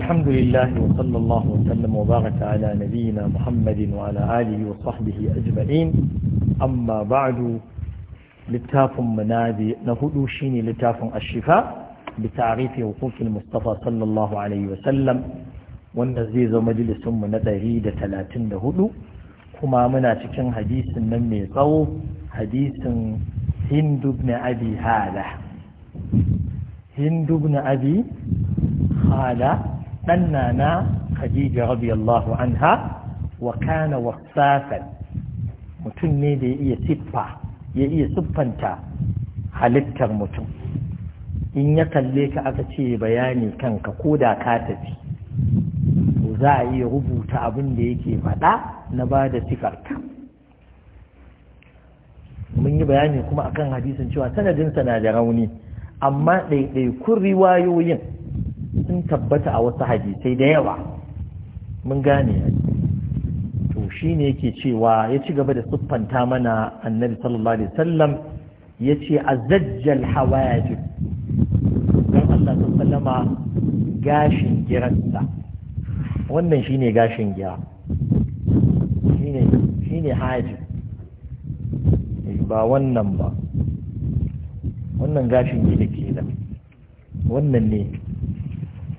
الحمد لله وصلى الله وسلم وبارك على نبينا محمد وعلى آله وصحبه أجمعين أما بعد لتاف منادي نهدو شيني لتاف الشفاء بتعريف حقوق المصطفى صلى الله عليه وسلم والنزيز مجلس من تريد ثلاثين هدو كما منا تكن حديث نمي صو حديث هند بن أبي هالة هند بن أبي هالة ɗannana khadija radiyallahu anha wa kana mutum ne da ya iya siffa ya iya siffanta halittar mutum in ya kalle ka aka ce bayani kanka ko da ka tafi to za a iya rubuta abin da yake faɗa na ba da sifarka mun yi bayani kuma akan hadisin cewa sanadinsa na da rauni amma ɗaiɗaikun riwayoyin sun tabbata a wasu hadisai da yawa mun gane to shi ne yake cewa ya ci gaba da siffanta mana annabi sallallahu alaihi wasallam ya ce a ya hawajib don Allah sallama gashin giransa wannan shi ne gashin gira Shi ne Haji eh, ba wannan ba wannan gashin gida ke da wannan ne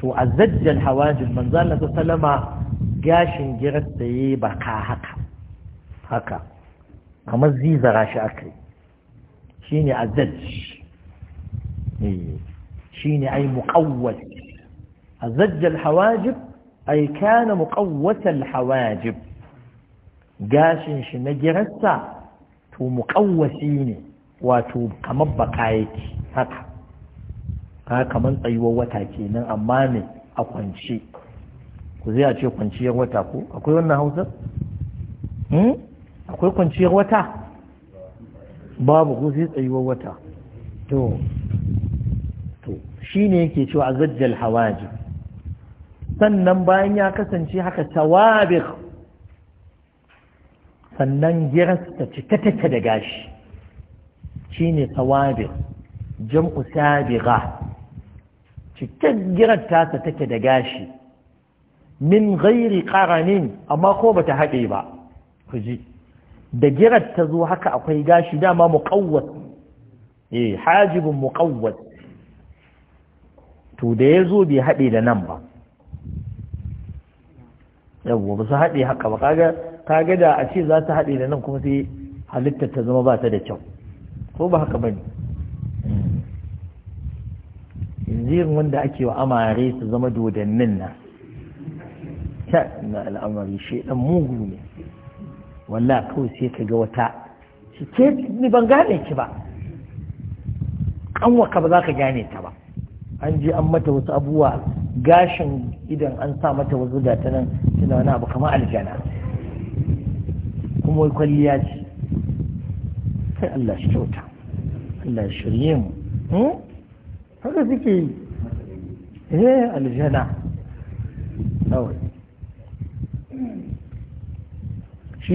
to azzajjal hawajin manzo Allah sallama gashin girar da yayi baka haka haka kamar zizara shi akai shine azzajj eh, shine ai muqawwat azzajjal hawajib ai kana muqawwatal hawajib gashin shi na girarsa to muƙawwasi ne wato kamar baka yake haka ka kaman tsayuwar wata kenan amma ne a kwance ku zai a ce kwanciyar wata ko akwai wannan hausa hmm? akwai kwanciyar wata babu ko sai tsayuwar wata to to shine yake cewa zajjal hawaji sannan bayan ya kasance haka tawabir sannan girasta cike take da gashi shine tawabir jam'u sabiga cikakkiyar tasa take da gashi min gairi ƙaranin amma ko bata haɗe ba ku ji da girar ta zo haka akwai gashi dama muƙawwat eh hajibun muƙawwat to da ya zo bai haɗe da nan ba yawo ba su haɗe haka ba kaga da a ce za ta haɗe da nan kuma sai halittar ta zama ba ta da kyau ko ba haka ba ne jerin wanda ake wa amare su zama dodannin nan na al'amari shi dan mugu ne wallah kawai sai ka ga wata ke ni ban gane ki ba kanwa ka ba za ka gane ta ba an je an mata wasu abubuwa gashin idan an sa mata wasu da ta nan tana wani abu aljana kuma wai kwalliya ce sai Allah shi kyauta Allah shirye mu hmm? haka suke yi eh aljana kawai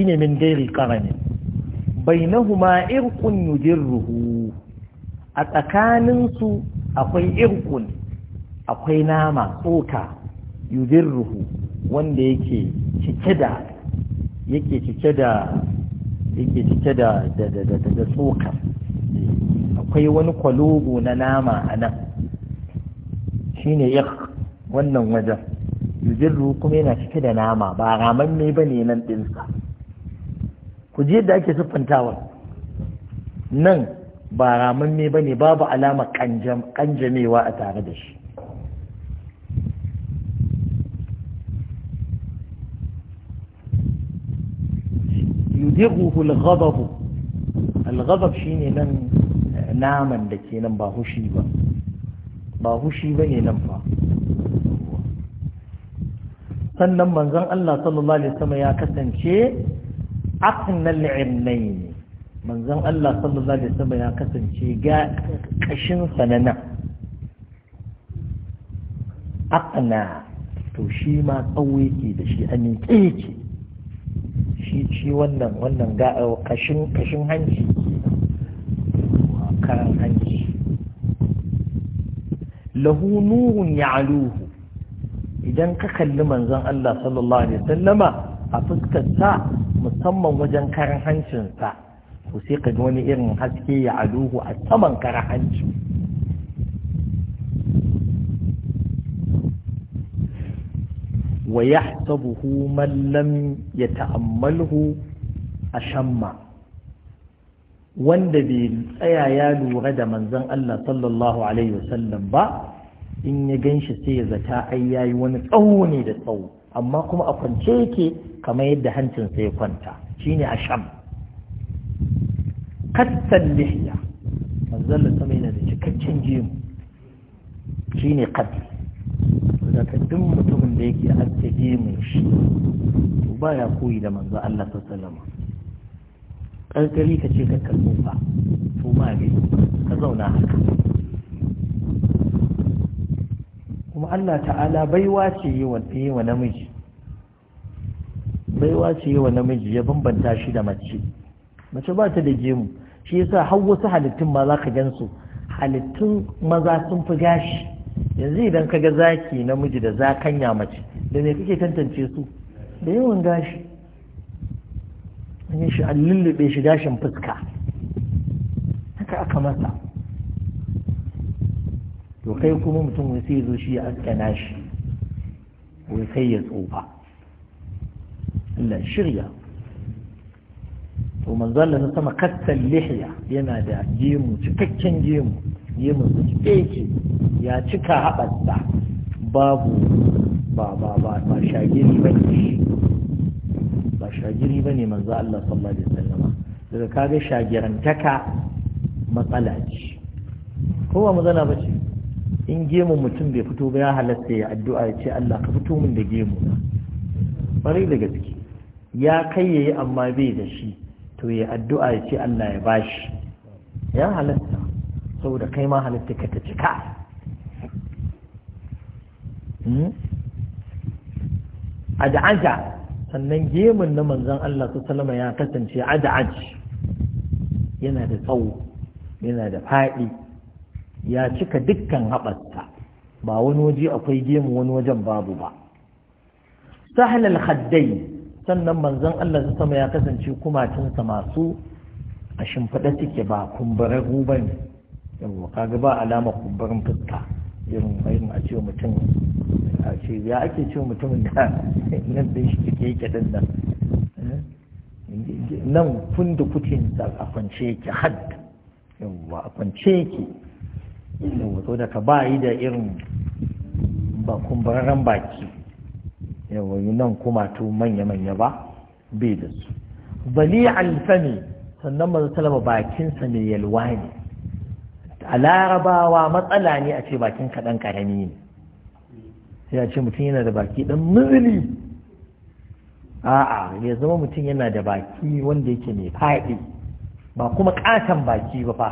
ne min gairi qarani bainahuma irqun ruhu, a tsakaninsu akwai irkun akwai nama tsoka ruhu, wanda yake cike da yake cike da yake cike da da da da tsokar akwai wani kwalugu na nama a nan ne ya wannan wajen yujirru kuma yana cike da nama ba raman ne ba ne nan ɗinsa ku ji yadda ake siffantawa nan ba raman ne ba ne babu alama kanjamewa a tare da shi yudirruhu al-ghadab al nan naman da ke nan ba hushi ba ba hushi ba ne nan fa sannan manzon Allah sallallahu alaihi wasallam ya kasance aqnal ibnayn manzon Allah sallallahu alaihi wasallam ya kasance ga kashin sanana aqna to shi ma tsawo yake da shi a miƙe yake shi shi wannan wannan ga uh, kashin kashin hanci karan hanci lahu nurun ya'luhu idan ka kalli manzon Allah sallallahu alaihi wasallama a fuskarsa musamman wajen karan hancinsa to sai ka ga wani irin haske ya aluhu a saman karan hancin. wa yahsabuhu man lam yata'ammalhu ashamma wanda bai tsaya ya lura da manzon Allah sallallahu alaihi wasallam ba in ya ganshi sai ya zata ai yayi wani tsawo ne da tsawo amma kuma a kwance yake kamar yadda sai ya kwanta shine sham kattan lihiya manzon Allah sama yana da cikakken jimu shine qatl daga duk mutumin da yake haske jimu shi to baya koyi da manzon Allah sallallahu alaihi wasallam ƙarƙari ka ce ba to ma ne ka zauna haka kuma Allah ta'ala baiwa ce yi wa namiji baiwa ce yi wa namiji ya bambanta shi da mace mace ba ta da gemu shi yasa har wasu halittun ma za ka gansu halittun maza sun fi gashi yanzu idan ka ga zaki namiji da zakanya mace da me kake tantance su da yawan gashi an yi shi an lullube shi gashin fuska haka aka masa to kai kuma mutum sai sai zo shi ya askana shi wai kai ya tsofa Allah shirya to manzo Allah sama kattan lihiya yana da gemu cikakken gemu jemu su cike ya cika haɓarsa babu ba ba ba ba shagiri ba ne shagiri ba ne manzo Allah sallallahu alaihi wasallam daga kaga shagirantaka matsala ce kowa zana ba ce in gemu mutum bai fito ba ya halatta ya addu'a ya ce Allah ka fito min da gemu na bari da gaske ya kai yayi amma bai da shi to ya addu'a ya ce Allah ya bashi ya halatta saboda kai ma halatta ka ta cika hmm? a da'anta sannan gemun na manzan Allah su salama ya kasance ada'aj yana da tsawo yana da faɗi ya cika dukkan haɓarsa ba wani waje akwai gemu wani wajen babu ba sahlal haddai sannan manzan Allah su sama ya kasance kumacinsa masu a shimfiɗa suke ba kumbararru ba ne yawon kaga ba alama kumbarin fuska irin a ce mutum a ce ya ake ce mutumin da nan da shi ke yake din nan eh? nan kun da kucin da a kwance yake had yawwa a kwance yake to da ka ba yi da irin ba kumbararren baki yawwa nan kuma to manya-manya ba bai da su bali alfami sannan mazu talaba bakinsa mai yalwa ne a larabawa matsala ne a ce bakin kaɗan ƙarami ne sai ce mutum yana da baki dan muzuli a'a ya zama mutum yana da baki wanda yake mai faɗi ba kuma ƙaton baki ba fa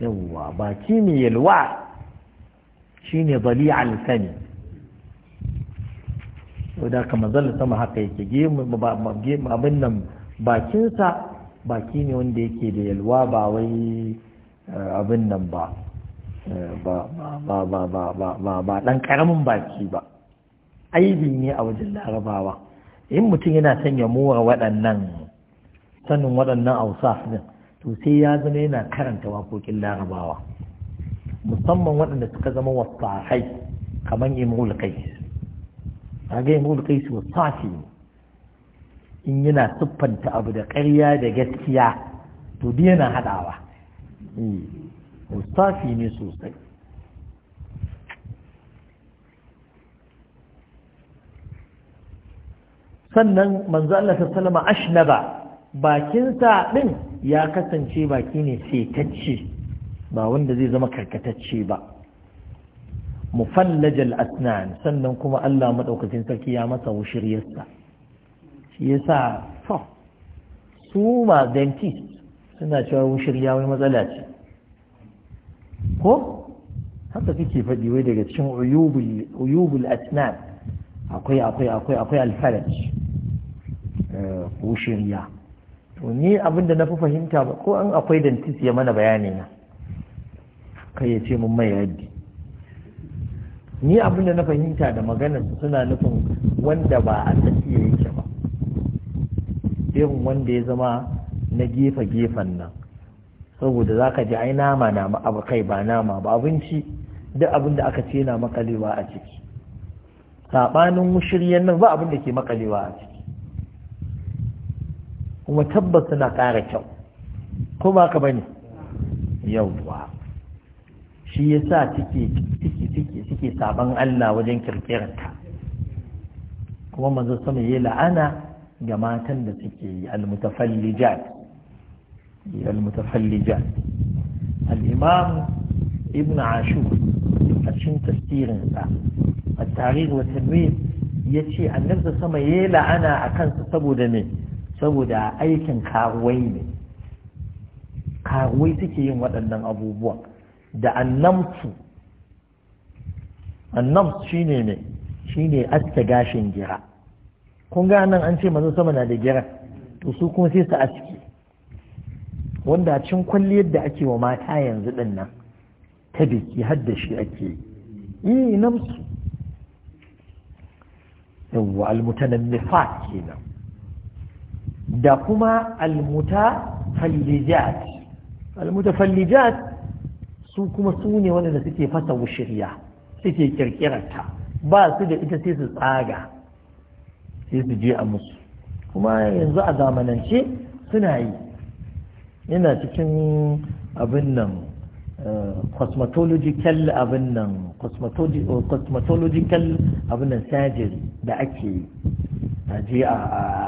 yawwa baki mai yalwa shine bali alsani da ka mazalla sama haka yake gemu abin nan bakinsa baki ne wanda yake da yalwa ba wai eh, abin nan ba ba ba ɗan ƙaramin baki ba aibi ne a wajen larabawa in mutum yana son ya mora waɗannan sanin waɗannan ausa din to sai ya zama yana karanta waƙoƙin larabawa musamman waɗanda suka zama wasahai kamar imrul qais kaga imrul qais wasafi in yana siffanta abu da ƙarya da gaskiya to duk yana haɗawa eh. mustafi ne sosai sannan manzo Allah sallama ashnaba bakinsa din ya kasance baki ne setacce ba wanda zai zama karkatacce ba al asnan sannan kuma Allah madaukakin sarki ya masa wushiriyarsa shi yasa to su ma dentist suna cewa wushiriya wai matsala ce ko haka kake faɗi wai daga cikin uyubul asnan akwai akwai akwai akwai alfaraj eh, ko shirya to ni abinda na fi fahimta ba ko an akwai dentist ya mana bayani na kai ya ce mun mai yadi ni abinda na fahimta da maganar suna nufin wanda ba a tsakiya yake ba irin wanda ya zama na gefe-gefen nan saboda za ka ji ai nama na abu kai ba nama ba abinci duk abin da aka ce na makalewa a ciki saɓanin shirya nan ba abin da ke makalewa a ciki kuma tabbas suna ƙara kyau kuma ka bane yauwa shi ya sa suke saban Allah wajen kirkirarta kuma manzo sama yi la'ana ga matan da suke yi almutafallijat المتفلجات الإمام ابن عاشور أشن تفسير التاريخ والتنوير يتي النبي سما يلا أنا أكن سبودا من سبودا أيكن كاروين karuwai suke yin waɗannan abubuwa da annamtu annamtu shine ne aske gashin gira kun ga nan an ce manzo sama na da gira to su kuma sai su aske wanda cin kwalliyar da ake wa mata yanzu din nan ta biki har da shi ake yi eh, namsu yawwa kenan da kuma almutafallijat almutafallijat su kuma su ne wanda suke fasa wushiriya suke kirkirarta ba su da ita sai su tsaga sai su je a musu kuma yanzu a zamanance suna yi yana cikin abin nan eh, cosmetological abin nan eh, cosmetological abin nan surgery da ake yi a je a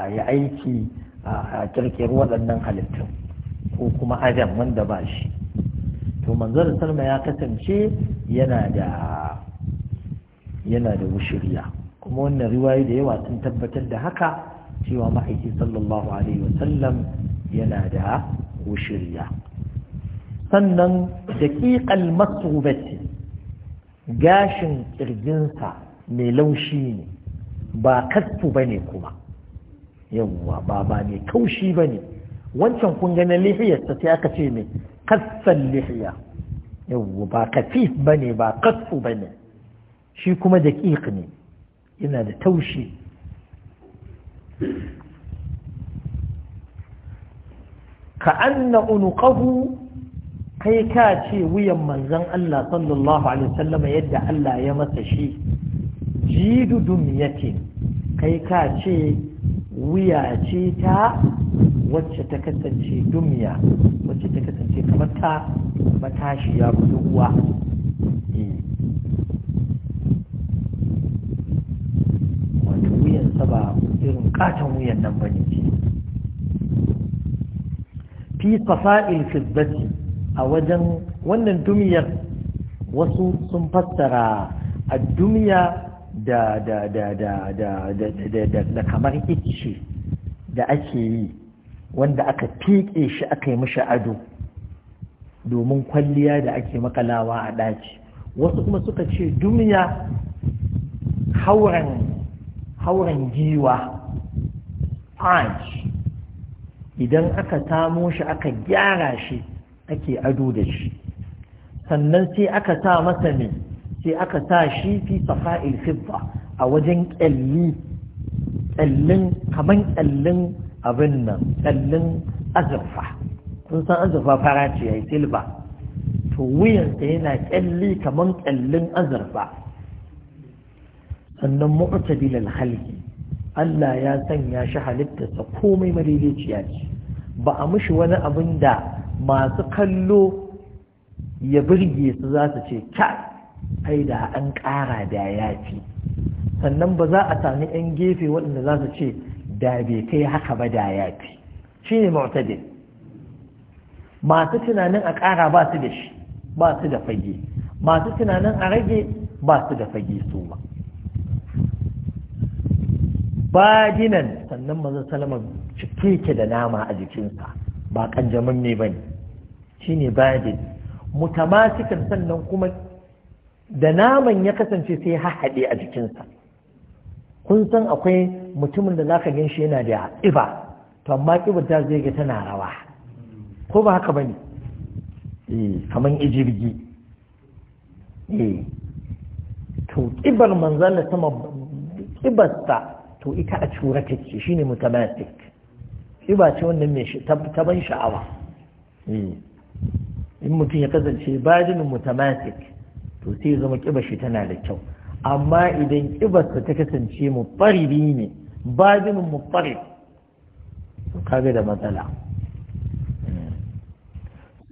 yi aiki a kirkiri waɗannan halittun ko kuma adam wanda ba shi to manzon salma ya kasance yana da da wushiriya kuma wannan riwayoyi da yawa sun tabbatar da haka cewa ma'aiki sallallahu alaihi wasallam yana da ko shirya sannan daƙiƙal masubati gashin ƙirjinsa mai laushi ne ba kastu ba ne kuma yawwa ba ba mai kaushi ba ne wancan kun na lihiyarsa sai aka ce mai kassan lihiya yawwa ba kafif ba ne ba kastu ba ne shi kuma daƙiƙ ne yana da taushi ka anna unuqahu kai ka ce wuyan manzon Allah sallallahu alaihi wasallam yadda Allah ya masa shi jidu dumyatin kai ka ce wuya ce ta wacce ta kasance dumya wacce ta kasance kamar ta matashiya budurwa eh. wato wuyan ba irin katon wuyan nan bane ce fi safa'il fiddati a wajen wannan dumiyar wasu sun fassara a dumiya da da da da da da da da kamar icce da ake yi wanda aka fiƙe shi aka yi mashi ado domin kwalliya da ake makalawa a ɗaci wasu kuma suka ce dumiya hauren hauren giwa idan aka samo shi aka gyara shi ake ado da shi sannan sai aka sa masa ne sai aka sa shi fi safa'il fidda a wajen kyalli kyallin kaman kyallin abin nan kyallin azurfa kun san azurfa fara ce yayi silba to wuyansa yana kyalli kaman kyallin azurfa sannan mu'tadil al-khalqi Allah ya sanya shi halittarsa komai madaidaiciya ce ba a mushi wani abin da masu kallo ya birge su za su ce ka ai da an ƙara da ya fi sannan ba za a sami 'yan gefe waɗanda za su ce da bai kai haka ba da ya fi shi ne mautadin masu tunanin a ƙara ba su da shi ba su da fage masu tunanin a rage ba su da fage su ba dinan sannan mazan salama cike ke da nama a jikinsa ba kanjamin ne ba ne shi ne badin mutamatikan sannan kuma da naman ya kasance sai haɗe a jikinsa kun san akwai mutumin da zaka gan shi yana da iba to amma kibar ta zai ga tana rawa ko ba haka ba ne? Eh, Kamar ijirgi eh, to kibar manzon sama ƙibarsa to ita a cura take ne mutamatik kiba ce wannan mai ta sha'awa eh. in mutum ya kasance bajinin mutamatik to sai zama kiba shi tana da kyau amma idan kibarsa ta kasance mutsaribi ne bajinin mutsarib to kaga da matsala eh.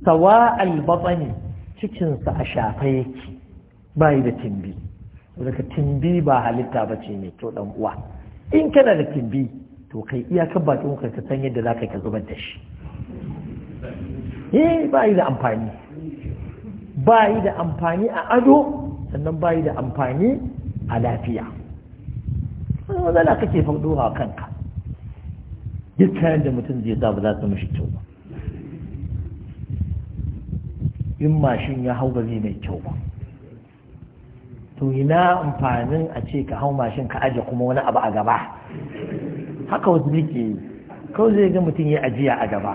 sawa albatsani cikinsa a shafa yake bayi da timbi daga timbi ba halitta ba ce mai kyau ɗan uwa in kana da timbi to kai iyakar bakin ka ka san yadda zaka ka zubar da shi eh ba yi da amfani ba yi da amfani a ado sannan ba yi da amfani a lafiya wani matsala kake faɗo a kanka duk kayan da mutum zai sa ba za su mashi kyau ba in mashin ya hau gari mai kyau ba to ina amfanin a ce ka hau mashin ka aje kuma wani abu a gaba haka wasu ke yi kawai zai ga mutum ya ajiya a gaba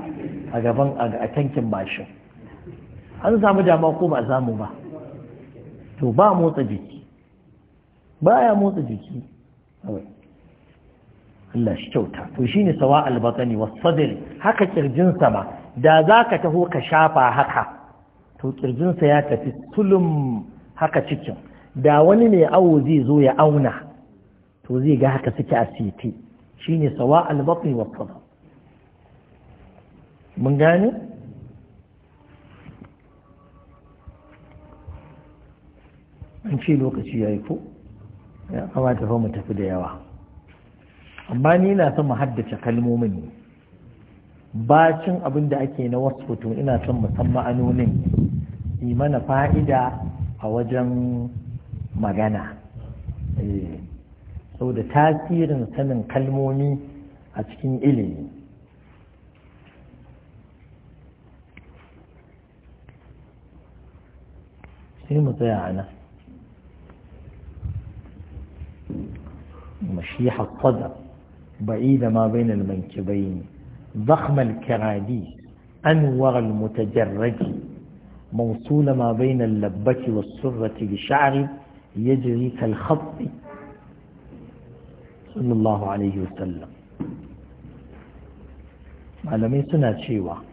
a gaban a tankin bashin. an samu dama ko ba samu ba to ba motsa jiki Ba ya motsa jiki Allah shi kyauta to shi ne sawa albatani wasu sadri haka kirjin sama da za ka taho ka shafa haka to kirjin ya tafi tulum haka cikin da wani mai awo zai zo ya auna to zai ga haka suke a siti shine sawa albatni wa mun gane an ce lokaci ya yi ko ya kamata mu tafi da yawa amma ni na son mu haddace kalmomin ne bacin abin da ake na wasu ina son san ma'anonin yi mana fa'ida a wajen magana eh. saboda tasirin sanin kalmomi a cikin ilimi sai mu tsaya a nan مشيح الصدر بعيد ما بين المنكبين ضخم الكراديس أنور المتجرد موصول ما بين اللبة والسرة بشعر يجري كالخط sallallahu alaihi wasallam malamai suna cewa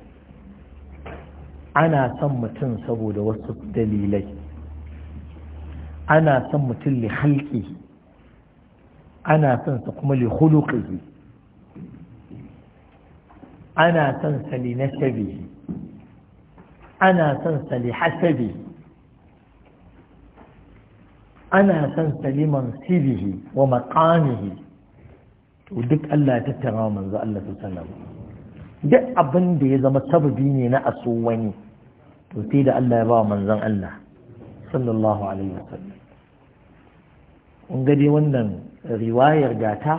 ana son mutum saboda wasu dalilai ana son mutum li halki ana son sa kuma li hulukihi ana son sa li nasabihi ana son sa li hasabihi ana son sa li mansibihi wa maqamihi to duk Allah ya tattara wa manzo Allah su sanar duk abin da ya zama sababi ne na aso wani to sai da Allah ya ba wa manzon Allah sallallahu alaihi wasallam kun ga dai wannan riwayar gata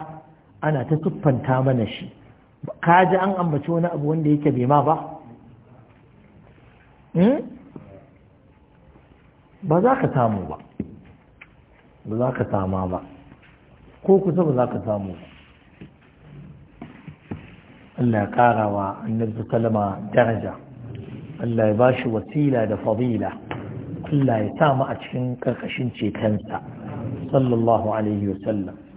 ana ta siffanta mana shi ka ji an ambaci wani abu wanda yake bai ma ba hmm? ba za ka samu ba ba za ka sama ba ko kusa ba za ka samu ba Allah ya ƙara wa annabi sallama daraja Allah ya shi wasila da fadila Allah ya sa mu a cikin ƙarƙashin cetonsa sallallahu alaihi wasallam